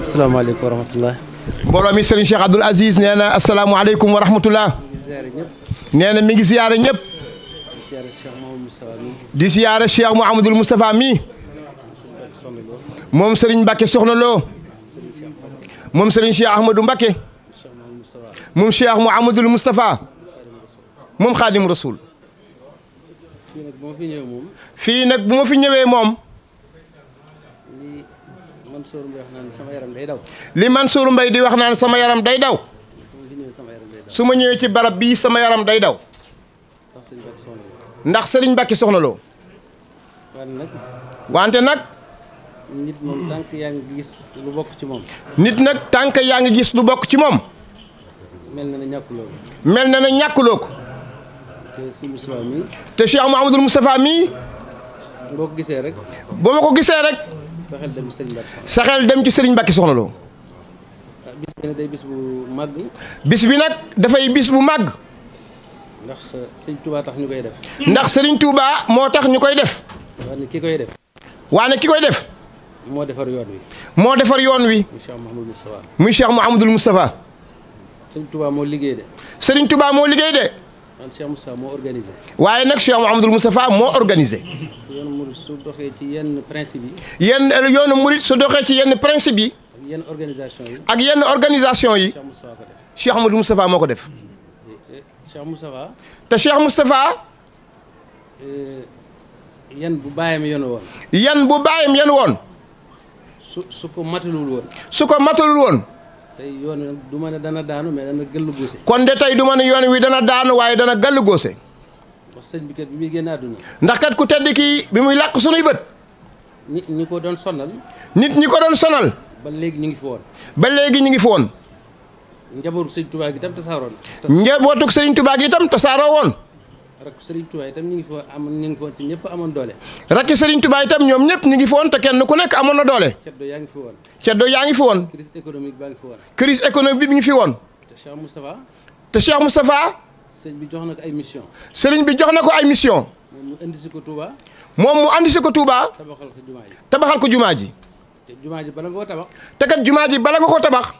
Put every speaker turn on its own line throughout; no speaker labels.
السلام عليكم ورحمة الله مبارك ميسرين شيخ عبد العزيز نانا السلام عليكم ورحمة الله نانا ميجي زيارة نيب دي زيارة الشيخ محمد المصطفى مي موم سرين باكي سخنا لو موم سرين شيخ أحمد مباكي موم شيخ محمد المصطفى موم خادم رسول في نك بو في نيوي موم li Mansour mbay di wax nan sama yaram day daw. suma ma ci barab bi sama yaram day daw. ndax Serigne Mbacke soxna lo wante nak
nit mom tank yaang gis lu bok ci mom
nit nak tank yaang gis lu bok ci mom
melna na ne ñàkkuloo ko.
na ne ñàkkuloo te Cheikh Moustapha mustapha mi bo ko gisee rek. bo mako ko gisee rek.
sa
xel dem ci Serigne Mbacke soxna Lo.
bis bi nag day bis bu màgg. bis bi nag dafay bis bu màgg. ndax Serigne Touba tax ñu koy def. ndax
Serigne Touba moo tax ñu koy def. waane ki koy def. waane ki koy def. moo defar yoon wi. moo defar yoon wi. muy Cheikh Mouhamadul Moustapha. muy Cheikh Mouhamadul Moustapha.
Serigne Touba moo liggéey de.
Serigne Touba moo liggéey de. waaye nag Cheikh Moustapha moo organisé.
yoonu murid su doxee ci yenn principe
yi. yenn yoonu murid su doxee ci yenn principe yi. ak yenn organisation yi. ak yenn organisation yi. Cheikh Mouhamadul Moustapha moo ko def.
Cheikh Moustapha.
te Cheikh Moustapha. yan bu bàyyam yan woon. yan bu bàyyam yan woon. su su ko matalul woon. su ko matalul woon.
tey yoon du ma dana daanu mais dana gëllu góose. kon de tey du ma
ne yoon wi dana daanu waaye dana gëllu góose.
ndax sëñ bi kat bi muy génn àdduna.
ndax kat ku tedd kii bi muy làq sunuy bët.
nit ñi ko doon sonal.
nit ñi ko doon sonal.
ba léegi ñu ngi fi woon.
ba léegi ñu ngi fi woon.
sëñ Tuubaa gi itam tasaaroo na.
njabootu sëñ Tuubaa gi itam tasaaroo woon.
rakk Serigne Touba itam ñu ngi fa ngi fa woon te ñëpp amoon
doole. rakk Serigne Touba itam ñoom ñëpp ñu ngi fa woon te kenn ku nekk amoon na doole. ceddo yaa yaa ngi fi woon. crise économique bi mi ngi fi woon.
te
Cheikh Moustapha.
te bi jox na ko ay mission. sëriñ bi jox na ko ay mission. moom mu andi ko Touba.
moom mu andi si ko Touba. tabaxal ko jumaa ji. tabaxal ko ji.
te jumaa ji bala nga koo tabax.
te kat jumaa ji bala nga koo tabax.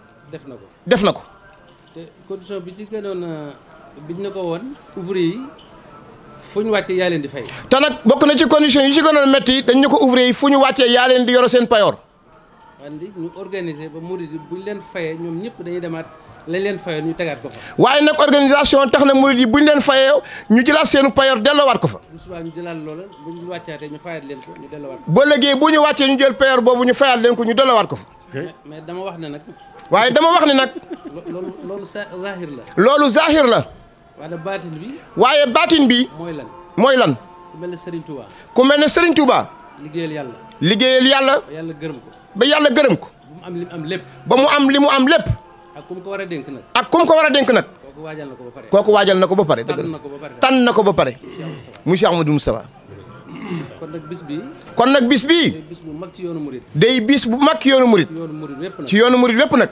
def na ko def na ko.
te condition bi ci gënoon biñ na ko woon ouvrier yi fu ñu wàccee yaa leen di fay.
te nag bokk na ci condition yi ci gënoon métti dañ ne ko ouvrier yi fu ñu wàccee yaa leen di yoro seen payoor.
andi ñu ba murid yi buñ fayee ñoom ñëpp dañuy demaat lañ leen fayoon ñu tegaat ko
waaye nag organisation tax na murid yi buñ leen fayee ñu jëlaat seenu payoor delloowaat ko fa.
bu subaa ñu jëlaat loola buñ ñu wàccaatee ñu leen ko ñu delloowaat
ko. ba léegi bu ñu wàccee ñu jël payoor boobu ñu fayaat leen ko ñu delloowaat ko fa.
mais dama wax ne nag
waaye dama wax ni nag.
loolu loolu zaahir la. loolu zaahir la. waaye baatin bi.
waaye baatin bi. mooy lan mooy lan.
ku mel ne Serigne Touba.
ku mel ne Serigne Touba. liggéeyal yàlla. liggéeyal yàlla. ba yàlla gërëm ko. ba yàlla gërëm ko. ba mu am li mu am lépp. mu am li mu am lépp.
ak kum ko war a dénk nag. ak kum ko war a dénk nag. kooku waajal na ko ba pare. kooku waajal na ko ba pare. dëgg la tànn na ko ba pare.
mu Cheikh Amadou Moustapha.
kon nag bis bi kon nag bis bii. day bis bu mag ci yoonu Mouride. day bis bu mag ci yoonu Mouride. ci yoonu Mouride wépp nag.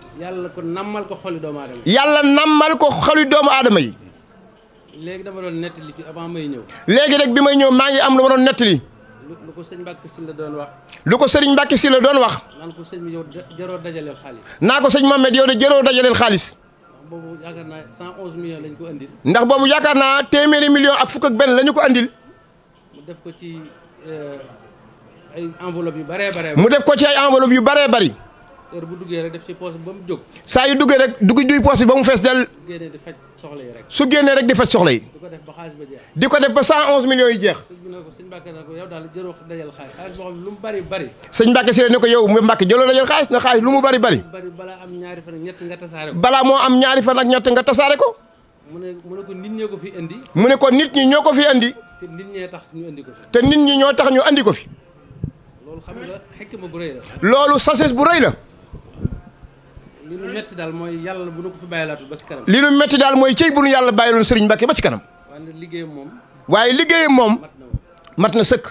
yàlla ko nammal ko xoli doomu aadama yi.
yàlla nammal ko xoli doomu aadama yi.
léegi dama doon nettali avant may ñëw.
léegi rek bi may ñëw maa ngi am lu ma doon nettali.
ko sëñ Mbacke si la doon wax.
lu ko sëriñ Mbacke si doon wax.
naan ko sëñ bi yow xaalis.
naa ko sëñ Mohamed yow de jaroo dajaleel xaalis.
ndax boobu yaakaar naa 111 millions lañ ko andil.
ndax boobu yaakaar naa téeméeri millions ak fukk ak benn la ñu ko andil.
mu def ko ci euh, ay enveloppe yu bëree bëri. mu def ko ci ay
enveloppe yu bëree bëri.
heure bu duggee rek def ci poos ba mu jóg.
saa yu duggee rek dugg duy poos bi ba mu fees del
su génnee di faj rek. di faj soxla yi.
di ko def ba xaalis di ko cent onze millions yi jeex.
ne ko sëñ Mbàkke ko yow daal jëroo dajal xaalis xaalis boo xam ne lu mu bari bari.
sëñ Mbàkke si ne ko yow Mbàkke jëloo dajal xaalis na xaalis lu mu bari bari.
balaa am ñaari fan ak ñett nga tasaare ko. balaa moo am ñaari fan ak ñett nga tasaare ko. mu ne mu ne ko nit ko fi indi. mu ne ko nit ñi ñoo ko fi indi. te nit ñee tax ñu indi ko te nit ñi
ñoo tax ñu andi ko fi.
loolu xam nga xekk ma bu rëy la.
loolu sasees bu rëy la.
li nu metti daal mooy yàlla bu nu ko fi bàyyilaatul ba ci kanam. li nu metti daal mooy cey bu nu
yàlla bàyyiloon Serigne Mbacke ba ci kanam. waaye liggéeyam moom. mat na sëkk.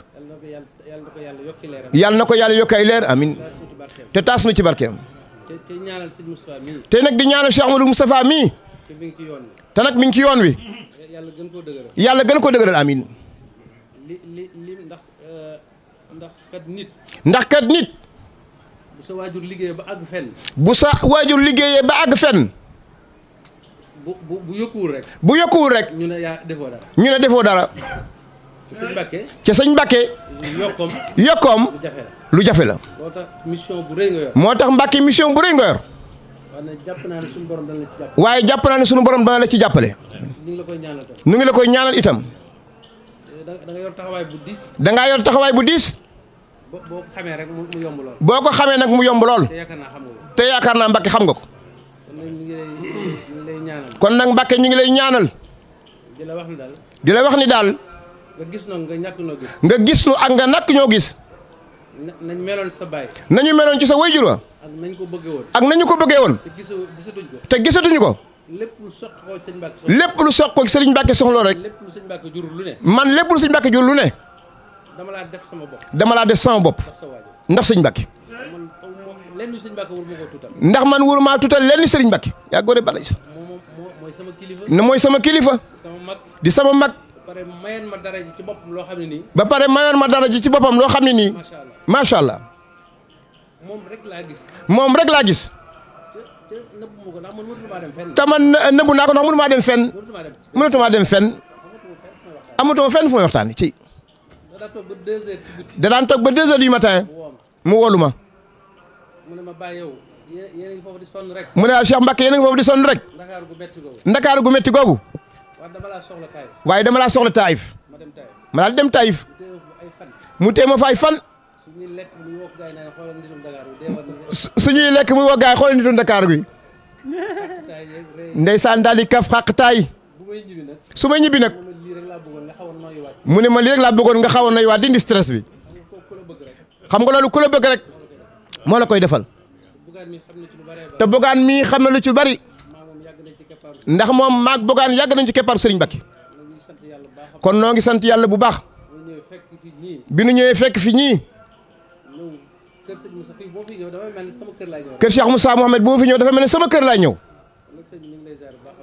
yàlla na ko yàlla yokk ay leer te taas nu ci barkeem.
te nag di ñaanal Cheikh Amadou Moustapha mii.
te mi ngi te nag mi ci yoon wi. yàlla gën koo dëgëral. amin. Euh,
ndax kat nit.
ndax kat nit.
bu sa waajur liggéeyee ba àgg fenn.
bu sa waajur liggéeyee ba àgg
bu bu bu yokkuwul rek. bu yokkuwul rek. ñu ne yaa defoo dara.
ñu ne defoo dara.
ca sëñ Mbacke. ca sëñ Mbacke. yokkoom. yokkoom lu jafe la. moo mission bu rëy nga yor. moo
tax mission bu rëy nga yor. borom dana la ci jàppale. waaye jàpp naa ne sunu borom dana la ci jàppale.
ñu ngi la koy ñaanal itam.
ñu ngi la koy ñaanal itam.
Eh, da nga yor taxawaay bu diis. da ngaa yor taxawaay bu diis boko xamé rek mu yomb lol te
yaakaar naa xam nga ko. te
Mbacke xam nga
ko. kon nak Mbacke ñu ngi lay ñaanal. di ni dal. di ni dal.
nga gis no nga ñak no gis.
nga gis lu ak nga nak ñoo gis.
nañ sa
nañu ci sa ak ko bëggee won ak nañu ko bëggee won te gisatuñu ko.
lu ko lu Mbacke rek. lepp lu Mbacke jur lu ne. man lepp lu Sëriñ Mbacke jur lu ne. dama laa def sama bopp.
dama laa def sama bopp. ndax sëñ Mbacke. ndax man waruma tuutal lenn sëriñ Mbacke. yaa góore balay sa. mooy sama kilifa. ne mooy sama kilifa. di sama mag.
ba pare mayoon ma dara ji ci boppam loo xam ne nii. ba pare mayoon ma dara ji ci boppam loo xam ne nii.
macha allah. moom rek laa gis. moom rek laa gis. te man eh, nëbbu naa ko ndax mënumaa dem fenn. mënatumaa dem fenn. amatuma fenn fu may waxtaanee daan toog ba deux heures ci guddi. mu woolu ma. mu ne ma bàyyi yow yéen a ngi foofu di sonn rek. mu ne ah Cheikh Mbacke yéen rek. Ndakaaru gu metti googu. gu metti googu. waaye dama laa soxla Taïf. waaye dama laa ma dem Taïf. ma daal mu téye ma fa ay fan. suñuy lekk lekk muy woo gaay xoolal Ndakaaru gi. ndeysaan daal di kaf taay. su may ñibbi nag. mu ne ma lii rek laa bëggoon nga xaw a noyyiwaat dindi stress bi xam nga loolu ku bëgg rek moo la koy defal te Bougane mii xam na lu ci bari ndax moom maak Bougane yàgg nañ ci keppaaru Serigne Mbacké kon noo ngi sant yàlla bu baax bi nu ñëwee fekk fi ñii kër Cheikh Moussa Mohamed boo fi ñëw dafa mel ne sama kër laay ñëw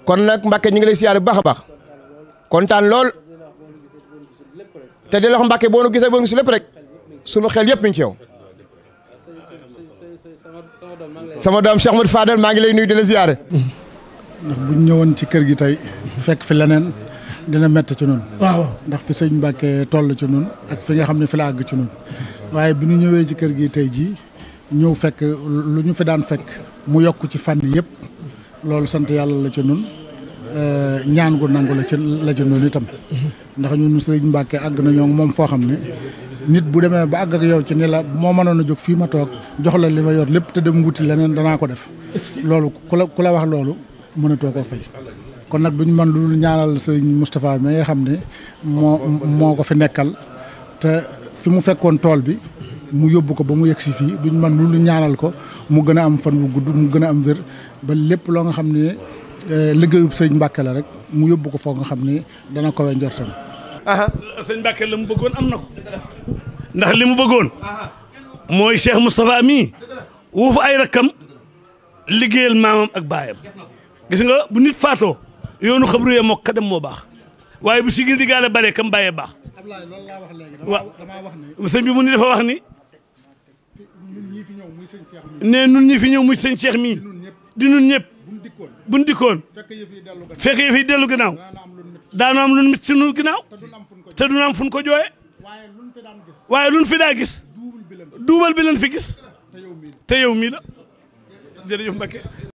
kon nag Mbacké ñu ngi lay siyaare bu baax a baax. kontaan lool te di la wax Mbàkke boo nu gisee boo nu gisul lépp rek sunu xel yëpp mi ngi ci yow sama doom Cheikh Modou Fadel maa ngi lay nuy di la ziyaare
ndax bu ñu ñëwoon ci kër gi tey fekk fi leneen dina métti ci nun waaw ndax fi sëñ Mbàkke toll ci nun ak fi nga xam ne fi la àgg ci nun waaye bi ñu ñëwee ci kër gi tey jii ñëw fekk lu ñu fi daan fekk mu yokk ci fànn yëpp loolu sant yàlla la ci nun Euh, ñaan gu nangu la ci la ci noonu itam. ndax ñun Serigne Mbacke àgg na ñoo moom foo xam ne nit bu demee ba àgg ak yow ci ni la moo mënoon a jóg fii ma toog jox la li ma yor lépp te dem wuti leneen danaa ko def. loolu ku la ku la wax loolu mënatoo koo fay. kon nag duñ mën lu ñaanal Serigne Moustapha mi nga xam ne moo moo ko fi nekkal te fi mu fekkoon tool bi. mu yóbbu ko ba mu yegg si fii duñ man lu ñaanal ko mu gën a am fan wu gudd mu gën a am wér ba lépp Euh, liggéeyub sëñ Mbàkke la rek mu yóbbu ko foog nga xam ni dana ko we njortam. sëñ Mbàkke la mu bëggoon am na ko
ndax li mu bëggoon mooy Cheikh Moustapha mii wuufu ay rek rakkam liggéeyal maamam ak baayam gis nga bu nit faatoo yoonu xabru yee moo kadam moo baax waaye bu si gën di gaale bare kam bàyyee baax. waaw sëñ bi mu ni dafa wax ni. ne nun ñi fi ñëw muy sëñ Cheikh mii di nun ñëpp buñ dikkoon fekk yëf yi dellu gannaaw daana am lun mit sunu gannaaw te duna am fuñ ko jooye waaye luñ fi daa gis duubal bi lañ fi gis te yow mii la jërëjëf Mbacke